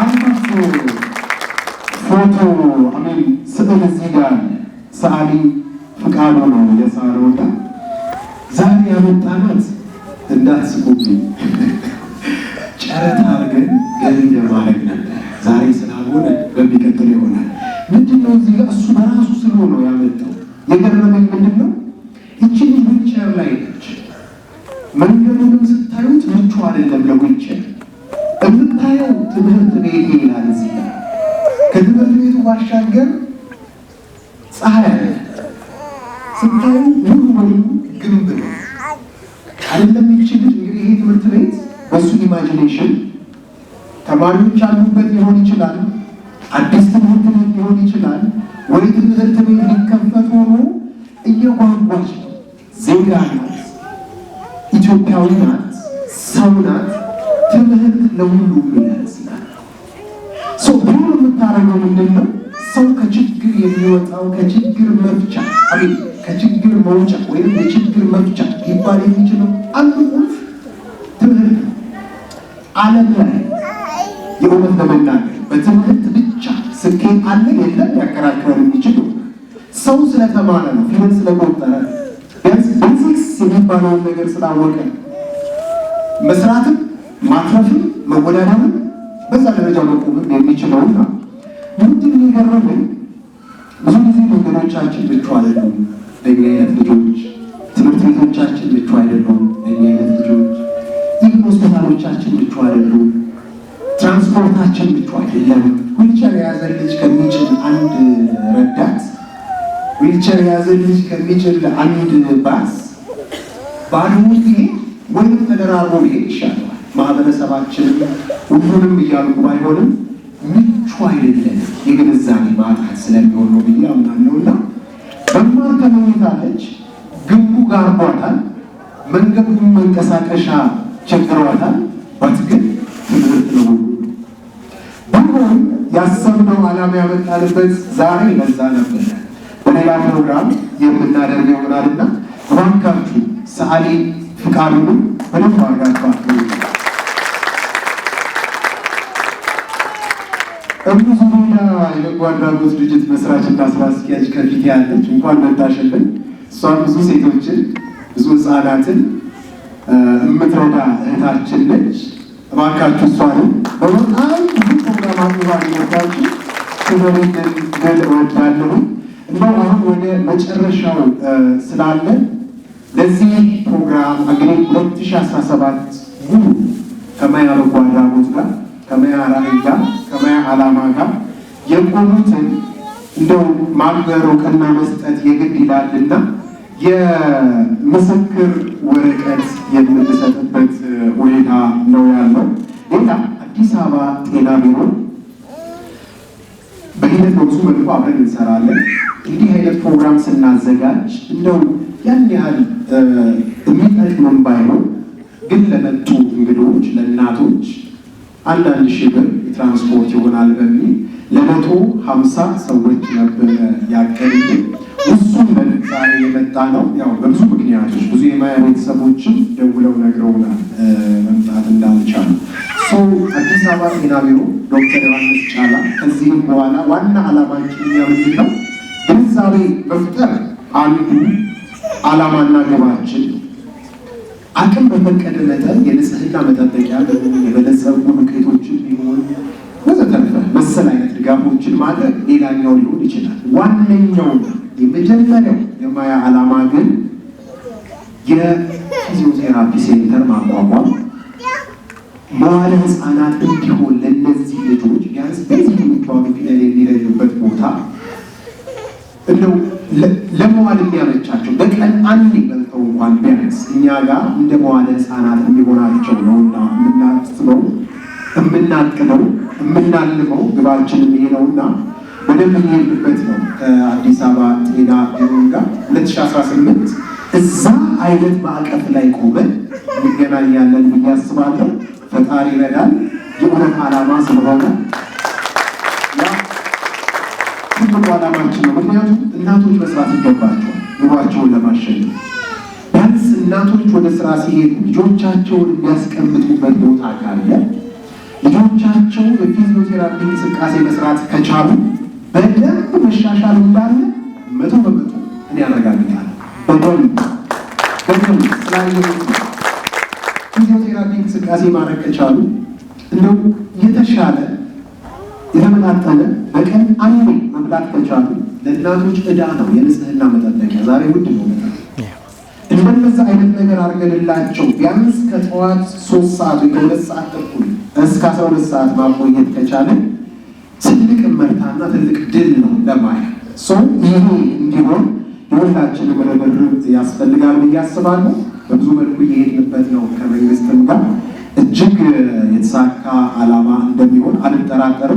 አንዱ ፎቶ አሜን ስዕል እዚህ ጋር ሰዓሊ ፍቃዱ ነው የሳለውና ዛሬ ያመጣናት እንዳትስቁብኝ ጨረታ አድርገን ገቢ ለማድረግ ነበር። ዛሬ ስላልሆነ በሚቀጥል ይሆናል። ምንድን ነው እዚህ ጋር እሱ በራሱ ስለሆነው ያመጣው የገረመኝ ምንድን ነው እቺ ዊልቸር ላይ ነች። መንገዱንም ስታዩት ምቹ አይደለም ለዊልቸር ትምህርት ቤት ይላል። እዚህ ከትምህርት ቤቱ ባሻገር ፀሐይ አለ። ስታዩ ሙሉ በሙሉ ግንብ ነው አይደለም። ይቺ እንግዲህ ይሄ ትምህርት ቤት በሱ ኢማጂኔሽን ተማሪዎች ያሉበት ሊሆን ይችላል። አዲስ ትምህርት ቤት ሊሆን ይችላል። ወይ ትምህርት ቤት ሊከፈት ሆኖ እየጓጓች ዜጋ ናት፣ ኢትዮጵያዊ ናት፣ ሰው ናት። ትምህርት ለሁሉ ይላል። የምታደርገው ምንድን ነው? ሰው ከችግር የሚወጣው ከችግር መፍቻ አቤት ከችግር መውጫ ወይም የችግር መፍቻ ሊባል የሚችለው አንዱ ቁልፍ ትምህርት ዓለም ላይ የእውነት ለመናገር በትምህርት ብቻ ስኬት አለ የለም ያከራክረን የሚችሉ ሰው ስለተማረ ነው፣ ፊደል ስለቆጠረ ቢያንስ ቤዚክስ የሚባለውን ነገር ስላወቀ መስራትም ማትረፍም መወዳደርም በዛ ደረጃ መቆምም የሚችለውን ነው። ምንድን የገረመኝ ብዙ ጊዜ መንገዶቻችን ምቹ አይደሉም ለእኛ አይነት ልጆች፣ ትምህርት ቤቶቻችን ምቹ አይደሉም ለእኛ አይነት ልጆች፣ ይህ ሆስፒታሎቻችን ምቹ አይደሉም፣ ትራንስፖርታችን ምቹ አይደለም። ዊልቸር የያዘ ልጅ ከሚችል አንድ ረዳት፣ ዊልቸር የያዘ ልጅ ከሚችል አንድ ባስ ባድሙ ሲሄድ ወይም ተደራርቦ መሄድ ይሻለዋል። ማህበረሰባችን ሁሉንም እያልኩ ባይሆንም ምቹ አይደለም። የግንዛቤ ማጣት ስለሚሆን ነው ብዬ አምናለሁ። እና መማር ተመኝታለች፣ ግቡ ጋርቧታል፣ መንገዱ መንቀሳቀሻ ቸግሯታል። ባት ግን ትምህርት ነው ሁሉም ያሰብነው ዓላማ ያመጣንበት ዛሬ ለዛ ነበር። በሌላ ፕሮግራም የምናደርገው ይሆናልና እባካችሁ ሰዓሊ ፍቃዱንም በደንብ አድርጋችሁ እምብዙ ሜዳ የበጎ አድራጎት ድርጅት መስራች ስራ አስኪያጅ ከፊት ያለች እንኳን መታሽልን። እሷ ብዙ ሴቶችን ብዙ ህጻናትን የምትረዳ እህታችን ነች። እባካችሁ እሷንም በጣም ብዙ ፕሮግራም ባለባችሁ ክበሩልን ልል እወዳለሁ። እንደው አሁን ወደ መጨረሻው ስላለ ለዚህ ፕሮግራም እንግዲህ 2017 ሙሉ ከማያ በጎ አድራጎት ጋር ከማያ ራዕይ ጋር ሰማይ ዓላማ ጋር የጎሉትን እንደው ማንበር እውቅና መስጠት የግድ ይላልና የምስክር ወረቀት የምንሰጥበት ሁኔታ ነው ያለው። ሌላ አዲስ አበባ ጤና ቢሮ በሂደት ወቅቱ መልኩ አብረን እንሰራለን። እንዲህ አይነት ፕሮግራም ስናዘጋጅ እንደው ያን ያህል የሚጠቅምም ባይሆን ግን ለመጡ እንግዶች፣ ለእናቶች አንዳንድ ሺህ ብር የትራንስፖርት ይሆናል በሚል ለመቶ ሀምሳ ሰዎች ነበረ ያቀርብን። እሱም በዛሬ የመጣ ነው። ያው በብዙ ምክንያቶች ብዙ የማያ ቤተሰቦችም ደውለው ነግረውናል መምጣት እንዳልቻሉ። ሰው አዲስ አበባ ጤና ቢሮ ዶክተር ዮሐንስ ጫላ ከዚህም በኋላ ዋና ዓላማችን ምንድን ነው ግንዛቤ መፍጠር አንዱ አላማና ግባችን አቅም በፈቀደ መጠን የንጽህና መጠበቂያ የበለጸጉ ዱቄቶችን ሊሆን ወዘተረፈ መሰል አይነት ድጋፎችን ማድረግ ሌላኛው ሊሆን ይችላል። ዋነኛው የመጀመሪያው የማያ ዓላማ ግን የፊዚዮቴራፒ ሴንተር ማቋቋም መዋለ ህፃናት እንዲሆን ለእነዚህ ልጆች ቢያንስ በዚህ የሚባሉ ፊደል የሚረዩበት ቦታ እንደው ለመዋል የሚያመቻቸው በቀን አንድ ይበልጠው እንኳን ቢያንስ እኛ ጋር እንደ መዋለ ህፃናት የሚሆናቸው ነው እና የምናስበው የምናቅደው የምናልመው ግባችን የሚሄደውና በደንብ የሚሄድበት ነው። ከአዲስ አበባ ጤና ቢሆን ጋር 2018 እዛ አይነት ማዕቀፍ ላይ ቆመን እንገናኛለን ብዬ አስባለሁ። ፈጣሪ ይረዳል። የእውነት ዓላማ ስለሆነ ትልቁ ዓላማችን ነው። ምክንያቱም እናቶች መስራት ይገባቸዋል ኑሯቸውን ለማሸነፍ ቢያንስ እናቶች ወደ ስራ ሲሄዱ ልጆቻቸውን የሚያስቀምጡበት ቦታ ካለ ልጆቻቸው የፊዚዮቴራፒ እንቅስቃሴ መስራት ከቻሉ በደንብ መሻሻል እንዳለ መቶ በመቶ እኔ አረጋግጣለሁ። በደንብ ስላየ ፊዚዮቴራፒ እንቅስቃሴ ማድረግ ከቻሉ እንደው የተሻለ የተመጣጠነ በቀን አንዴ መብላት ከቻሉ ለእናቶች እዳ ነው የንጽህና መጠበቂያ። ዛሬ ውድ ነው መጣ አይነት ነገር አድርገንላቸው ቢያንስ ከጠዋት ሶስት ሰዓት ወይ ከሁለት ሰዓት ተኩል እስከ አስራ ሁለት ሰዓት ማቆየት ከቻለን ትልቅ እመርታና ትልቅ ድል ነው ለማያ ሰው። ይሄ እንዲሆን የሁላችንም ርብርብ ያስፈልጋል ብዬ አስባለሁ። በብዙ መልኩ እየሄድንበት ነው። ከመንግስትም ጋር እጅግ የተሳካ ዓላማ እንደሚሆን አልጠራጠርም።